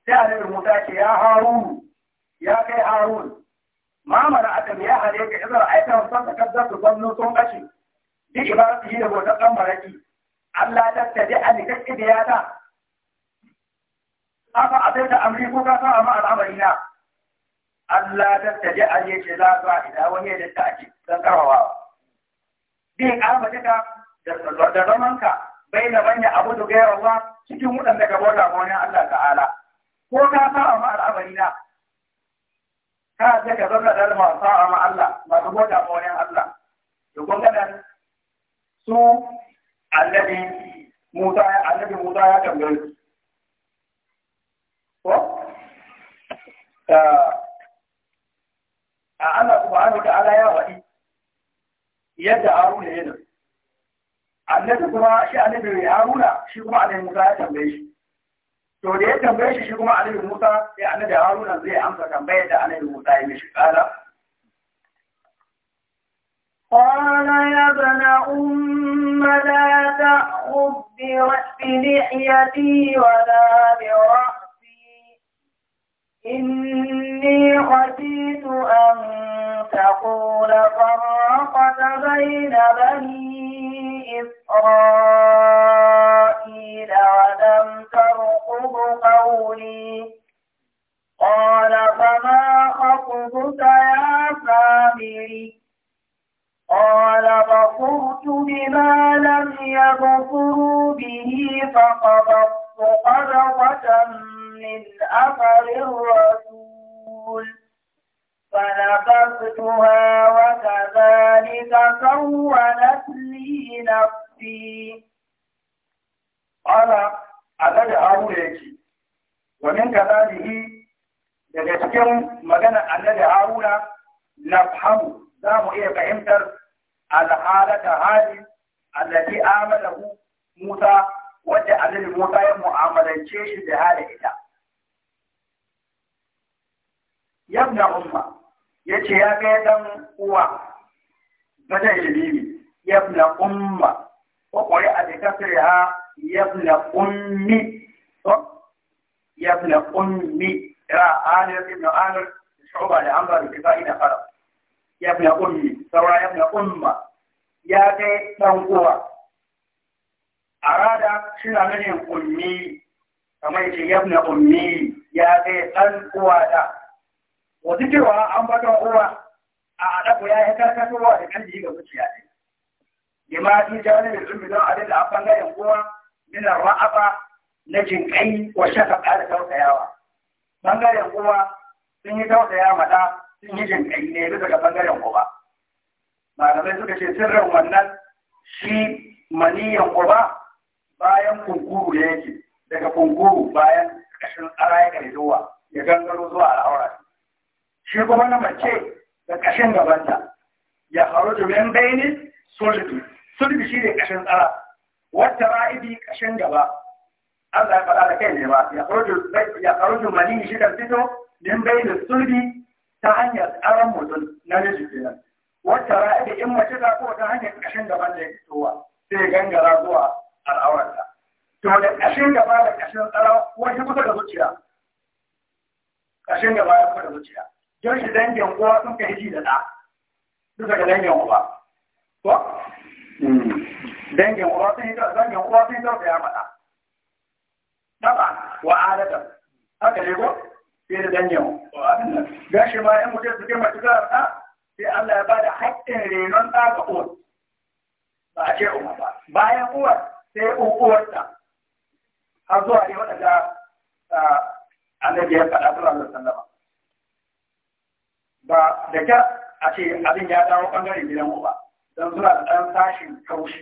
sai annabi Musa ce ya Harun ya kai Harun ma mana adam ya hare ka idan aika wasan da kaddar su gwamnu sun ba bi yi da wata kan maraki Allah ta tabi an kake da yata aka abin da amri ko ka sa ma al'amari na Allah ta tabi an yace la ba ida wani da ta ake san karawa bi ka da da zamanka bai na manya abu da gairar Allah cikin waɗanda ka bauta ga wani Allah ta'ala ko ka sa'a ma al'amari ka ce ka zauna da alma sa'a ma Allah ba ka bauta ga wani Allah Da kun ga su annabi Musa ya annabi Musa ya tambaye su ko a Allah subhanahu wa ta'ala ya wadi yadda Haruna ya dace annabi kuma shi annabi mai haruna shi kuma annabi musa ya tambaye shi to da ya tambaye shi shi kuma annabi musa sai annabi haruna zai amsa tambayar da annabi musa ya mishi kala قال يا ابن أم لا تأخذ بلحيتي ولا برأسي إني خشيت أن تقول فرقت بين بني إسرائيل ولم ترقب قولي قال فما خطبك يا سامري قال بصرت بما لم يبصروا به فقبضت قبضة من أثر الرسول فنبذتها وكذلك سولت لي نفسي rabbi ala abu haruna yake Wannan min kadalihi daga cikin magana annabi haruna Fahimu za mu iya fahimtar alhalata hali allati amalahu musa wadda annabi musa ya mu'amalance shi da hali ita yabna umma yace ya ga dan uwa bada ilimi yabna umma Ko kware ha yabna kunmi, yabna kunmi ra'ayin da shugaban amfani da sa'idu haram, yabna kunmi saboda yabna kunma ya kai ɗan uwa. A rada shi ya gani kunmi kamai ce yabna an bata wa a al'adu ya yin tasa da talli ga lima fi jawabin zulmi don abin da a bangaren kowa min ra'aba na jinkai wa shafaqa da tausayawa bangaren kowa sun yi tausaya mata sun yi jinkai ne bisa ga bangaren kowa malamai suka ce sirrin wannan shi maniyan kowa bayan kunkuru da yake daga kunkuru bayan ƙashin tsara ya gari zuwa ya gangaro zuwa al'aura shi kuma na mace da ƙashin gabanta ya faru domin bayanin solidu sulbi shi ne ƙashin tsara wata ra'ibi ƙashin gaba Allah ya faɗa da kai ne ba ya karuju ya karuju mani shi kan fito min da sulbi ta hanyar tsaron mutum na miji kenan wata ra'ibi in mace ta ko ta hanyar ƙashin gaban da ya fitowa sai gangara zuwa al'awarta to da ƙashin gaba da ƙashin tsara wani kusa da zuciya ƙashin gaba ya kusa da zuciya don shi dangin kowa sun kai ji da ɗa duka da dangin uwa dangin uwa sun yi dangin tausaya mata taba wa adada haka ne ko sai da dangin gashi ma in mutum suke mace za a sai Allah ya bada haƙƙin renon ɗa ga uwar ba a ce uwa ba bayan uwar sai uwarta har zuwa ne waɗanda annabi ya faɗa sallallahu alaihi wasallam ba da kyar a ce abin ya dawo ɓangaren gidan uwa don suna da ɗan sashin kaushi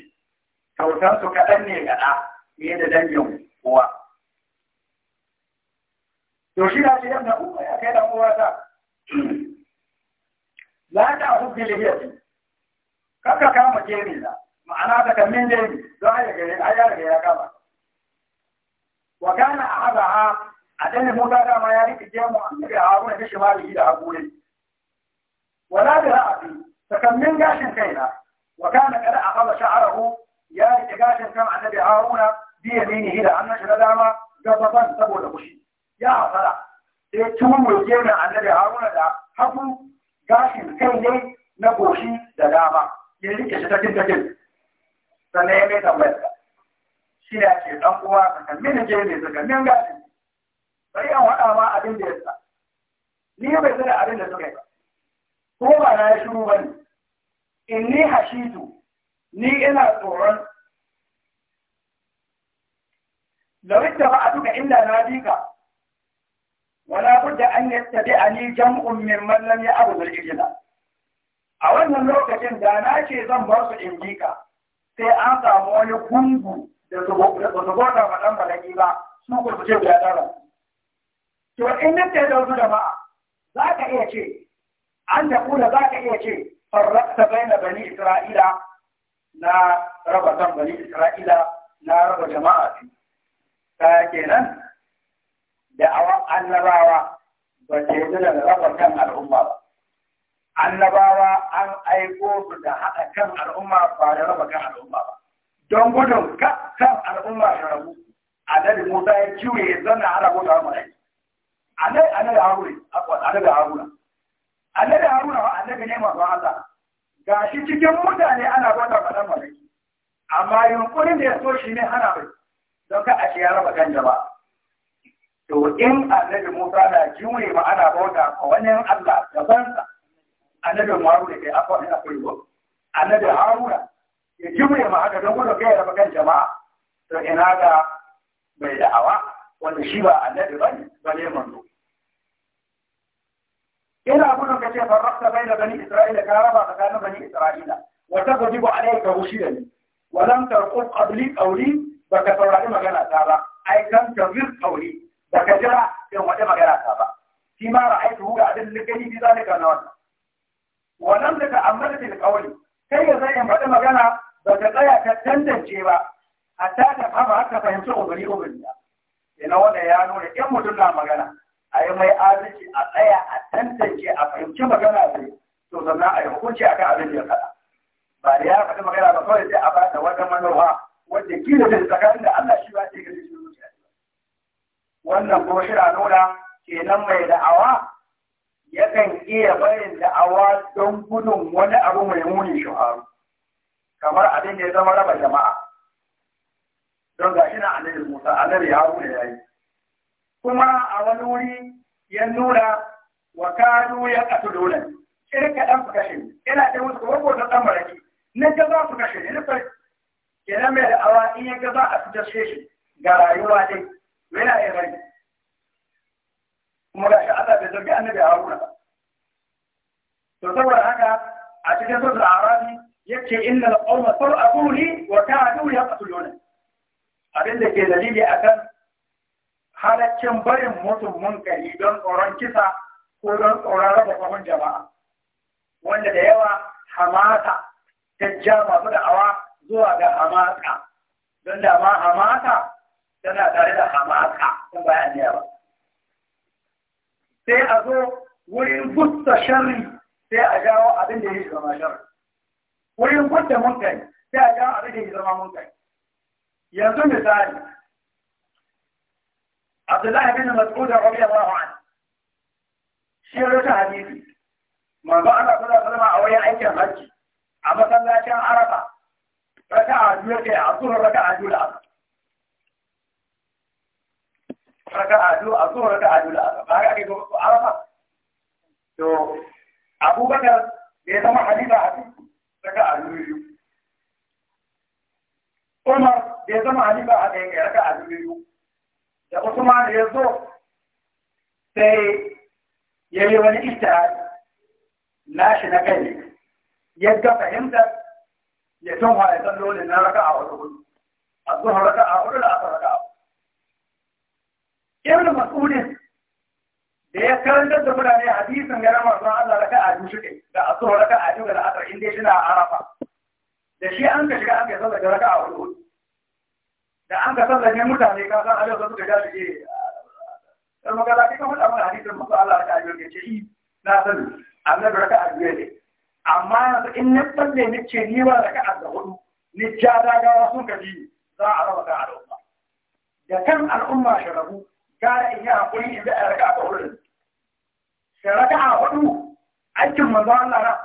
kyautar su kaɗan ne ga ɗa fiye da dangin uwa to shi na ce yadda uwa ya kai da uwa ta la ta su bilibiyar kaka kama jeri na ma'ana ta kamin jeri don a yaga a yaga ya kama wa kana a haɗa ha a ɗan da dama ya riƙe jemu an daga haruna ta shi ma da hagu ne wala da ra'afi ta kamin gashin kaina وكان قد أخذ شعره يا إتقاش كان النبي هارون بيمينه إذا أن داما جبطا سبو لبشي يا أصلا تقوم عن النبي هارون دا حفو قاش كي لي نبوشي دلاما يلي كشتكين تكين سنعمي تبويتا shida ce ɗan uwa tsakanin je ne tsakanin gashi bari an waɗa ma abin da ya sa ni bai sani abin da suka yi ba ko ba na shiru ba ne In inni hashitu ni ina tsoron lawitta ba a duka inda na bika wala budda an yattabi'ani jam'un mimman lam ya'budu al-ijla a wannan lokacin da na ce zan bar su in bika sai an samu wani gungu da zubota ma dan balagi ba su gurguje guda tara to in nake da wasu jama'a za ka iya ce an da kula za ka iya ce farrakta na bani isra'ila na raba kan bani isra'ila na raba jama'a su ta nan da awan annabawa ba ta yi da raba kan al'umma ba annabawa an aiko su da haɗa kan al'umma ba da raba kan al'umma ba don gudun kan al'umma ya rabu a annabi musa ya ciwo ya zanna ana gudu a a mai annabi annabi haruna annabi haruna wa annabi ne manzo Allah ga shi cikin mutane ana gwada faɗan malaki amma yunkurin da ya so shi ne hana bai don ka a ashe ya raba kan jama'a to in annabi Musa na jure ma ana bauta ko wani Allah da gabansa annabi Haruna kai akwai wani akwai ba annabi Haruna ya jure ma haka don gudun kai raba kan jama'a to ina ga mai da'awa wanda shi ba annabi bane bane manzo ina gudun ka ce farrakta bai da bani isra'ila ka raba tsakanin zani isra'ila wata ku jibo alaika hushiyar walam tarqub qabli qawli baka saurari magana ta ba ai kan tawir qawli baka in wata magana ta ba shi ma ra'aytu ga abin da kai bi zalika na wannan walam da ka ammala bil qawli kai ga sai in wata magana baka tsaya ka tantance ba hatta ka fara ka fahimci ubari ubari ina wannan ya nuna in mutum na magana a yi mai adalci a tsaya a tantance a fahimci magana ne to sannan a yi hukunci akan abin da ya faɗa ba da ya faɗi magana ba kawai sai a ba da wata manowa wanda kila da tsakanin da Allah shi ba ta ga shi zuciya wannan ko shi nuna kenan mai da'awa yakan iya barin da'awa don gudun wani abu mai muni shuharu kamar abin da ya zama raba jama'a don ga shi na annabi Musa annabi ya yayi kuma a wani wuri ya nuna wa kanu ya katuluna ka dan su kashe ina da wasu ko ko dan maraki na ga za su kashe ne fari kenan mai da awa in ya ga za a fitar shi ga rayuwa dai yana ya rage kuma ga shi Allah bai zargi annabi Haruna ba to saboda haka a cikin sura Arabi yace innal qawma a li wa kanu yaqtuluna abin da ke dalili akan halaccin barin mutum munkari don tsoron kisa ko don tsoron raba kwamon jama'a wanda da yawa hamata ta ja masu da'awa zuwa ga hamata don da ma hamata tana tare da hamata in bayan da ba. sai a zo wurin gusta shari sai a jawo abin da ya zama shari wurin mun munkari sai a jawo abin da ya zama munkari yanzu misali Abdullahi bin Mas'ud radiyallahu anhu shi ya rika hadisi manzo Allah sallallahu a wayan aikin hajji a masallacin Arafa raka'a biyu yake a zuwa raka'a biyu da aka raka'a biyu a zuwa raka'a biyu da aka ba ga ake zuwa Arafa to Abubakar da ya zama halifa a raka'a Umar zama a ɗaya raka'a da Usman ya zo sai ya yi wani ita nashi na kai ya ga fahimta ya tun ya sallolin na raka a wani hudu a zuwa raka a hudu da aka raka ibn mas'udin da ya karanta da mutane hadisin ga ramar zuwa Allah raka a biyu shi da a zuwa raka a biyu da asar inda shi na arafa da shi an ka shiga an ka yi sallar da raka a hudu da an ka sallame mutane ka san alaƙa suka ja ɗan magana kai kamar amma hadisin masu Allah ta yi ke ce yi na sani annabi raka a biyar ne amma yanzu in na tsalle ni ce ni ba raka a da hudu ni ja dagawa sun gaji za a raba kan al'umma da kan al'umma shi rabu gara in yi hakuri in za a raka a ta hudu shi raka a hudu aikin manzo Allah na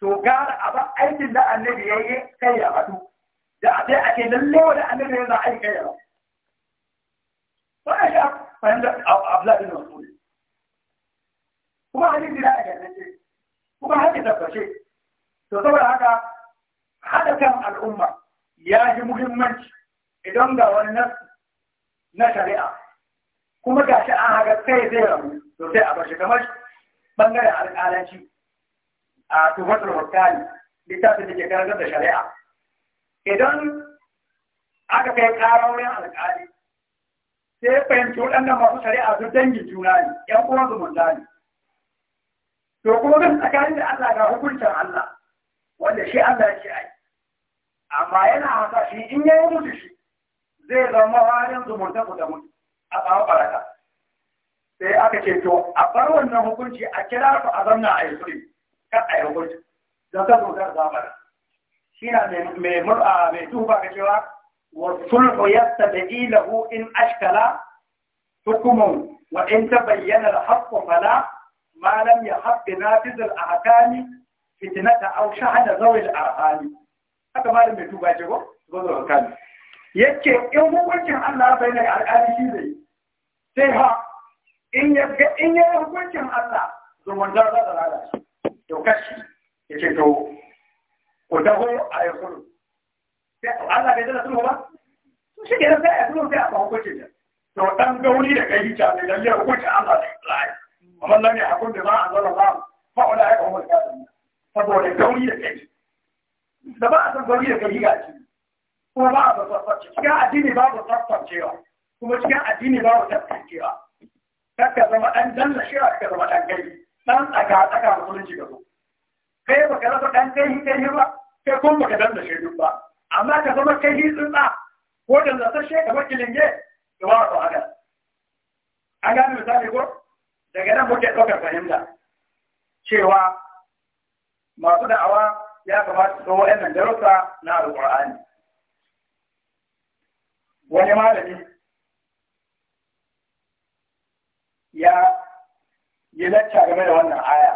to gara a ba aikin da annabi ya yi kai ya fatu da a sai ake lalle wani annabi yana aika yawa ba a sha fahimta abla bin mas'ud kuma hadisi da ake lalle kuma haka tabbace to saboda haka haɗa kan al'umma ya yi muhimmanci idan ga wani na shari'a kuma ga shi an haka kai zai rabu to sai a bar shi kamar bangaren alƙalanci a tufatul wakali littafin da ke karantar da shari'a idan aka kai ƙara alkali, alƙali sai fahimci waɗannan masu shari'a su dangin juna ne ‘yan uwan zumunta ne to kuma bin tsakanin da Allah ga hukuncin Allah wanda shi Allah ya ce ai amma yana hasashe in ya yi mutu shi zai zama halin zumunta ku da mutu a tsawo baraka sai aka ce to a bar wannan hukunci a kira ku a zanna a yi suri kar a yi hukunci don kan zumunta da shina mai mur'a mai tuba ga cewa wa sulhu yastabi lahu in ashkala hukumu wa in tabayyana al-haqq fala ma lam yahab nafiz al-ahkam fitnata aw shahada zawi al-arham haka malam mai tuba ce ko zo kan yake in hukuncin Allah bai ne alƙali shi ne? sai ha in ya ga in ya hukuncin Allah zumunta za ta lalace to kashi yake to ku taho a yi sulhu Allah bai zana sulhu ba shi ke sai a sulhu sai a hukunci ta to dan gauri da kai ta ne lalle hukunci Allah da Ibrahim amma lalle hakun da ba a zana ba fa wala ya kuma ka saboda gauri da kai da ba a san gauri da kai ga ci kuma ba a tsaftace cikin addini ba ba tsaftacewa kuma cikin addini ba ba tsaftacewa kaka zama dan dalla shi ka zama dan kai dan tsaka tsaka baka rasa dan kai kai ba kai kun baka danna shaidu ba amma ka zama kai yi tsuntsa ko da ka kamar linge da ba su haka an gane misali ko daga nan muke ɗaukar fahimta cewa masu da'awa ya kamata su zo wa'annan darussa na alƙur'ani wani malami ya yi lacca game da wannan aya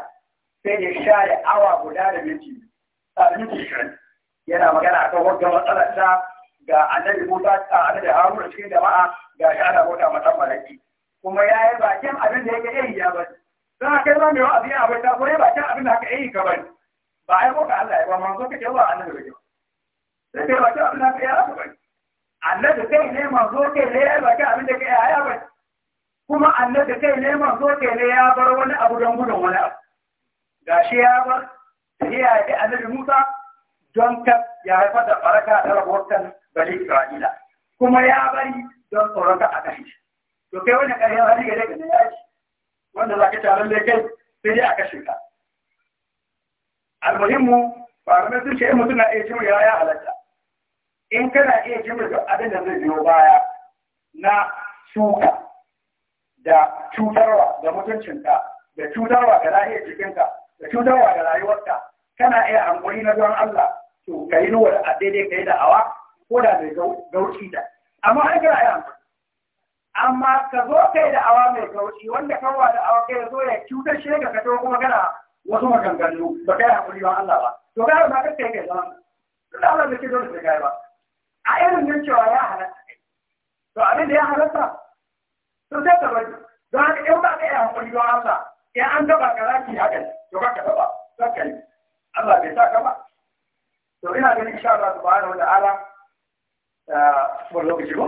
sai ya share awa guda da minti yana magana akan wagga matsalar ta ga annabi Musa ta da Haruna cikin jama'a ga shi ana mota mata malaki kuma yayi bakin abin da yake yi ya bari dan kai ma mai abin abin da kuma bakin abin da haka yi ka bari ba ai ko Allah ya ba manzo kake wa annabi ba sai ba ta abin da haka ya bari annabi kai ne manzo kai ne yayi bakin abin da kai ya bari kuma annabi kai ne manzo kai ne ya bar wani abu don gudun wani abu gashi ya bar ya yi annabi Musa don ka ya haifar da baraka da rahoton bani Isra'ila kuma ya bari don tsoron ka a kan shi to kai wani ƙarshen hali gare ka ya shi wanda za ka taron da kai sai dai a kashe ka almuhimmu malamai sun ce in mutum na iya cimma ya ya halatta in kana iya cimma duk abin da zai biyo baya na shuka da cutarwa da mutuncinka da cutarwa ga lahiyar jikinka da cutarwa da rayuwarka kana iya hankuri na don Allah to ka yi nuwar a daidai ka yi da hawa ko da mai gauci da amma har kana iya hankuri amma ka zo ka yi awa mai gauci wanda kan wa da'awa kai zo ya cutar shi ka kato kuma kana wasu maganganu ba ka yi hankuri don Allah ba to ga ba ka kai kai zaman da Allah bai ce dole sai kai ba a irin nan cewa ya halatta to abin da ya halatta to sai ka bari don haka in ba ka yi hankuri don Allah in an gaba ka za ki to ka ba za ka yi Allah bai sa ka ba to ina ganin insha Allah subhanahu wata'ala eh, wani lokaci ko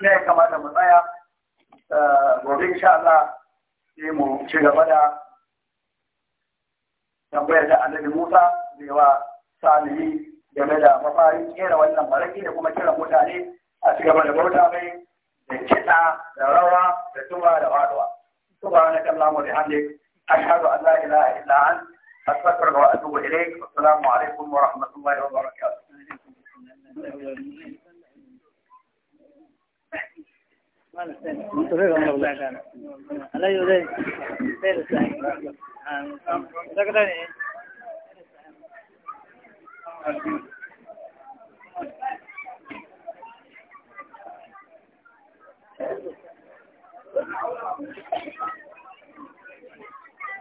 ne ya kamata mu tsaya eh, gobe insha Allah sai mu ci gaba da tambayar da annabi Musa da wa salihi game da mafarin kera wannan maraki da kuma kiran mutane a ci gaba da bauta mai da kiɗa da rawa da tuba da waɗuwa. Subhanaka Allahumma wa bihamdik أشهد أن لا إله إلا أنت أستغفر وأتوب إليك والسلام عليكم ورحمة الله وبركاته Thank you.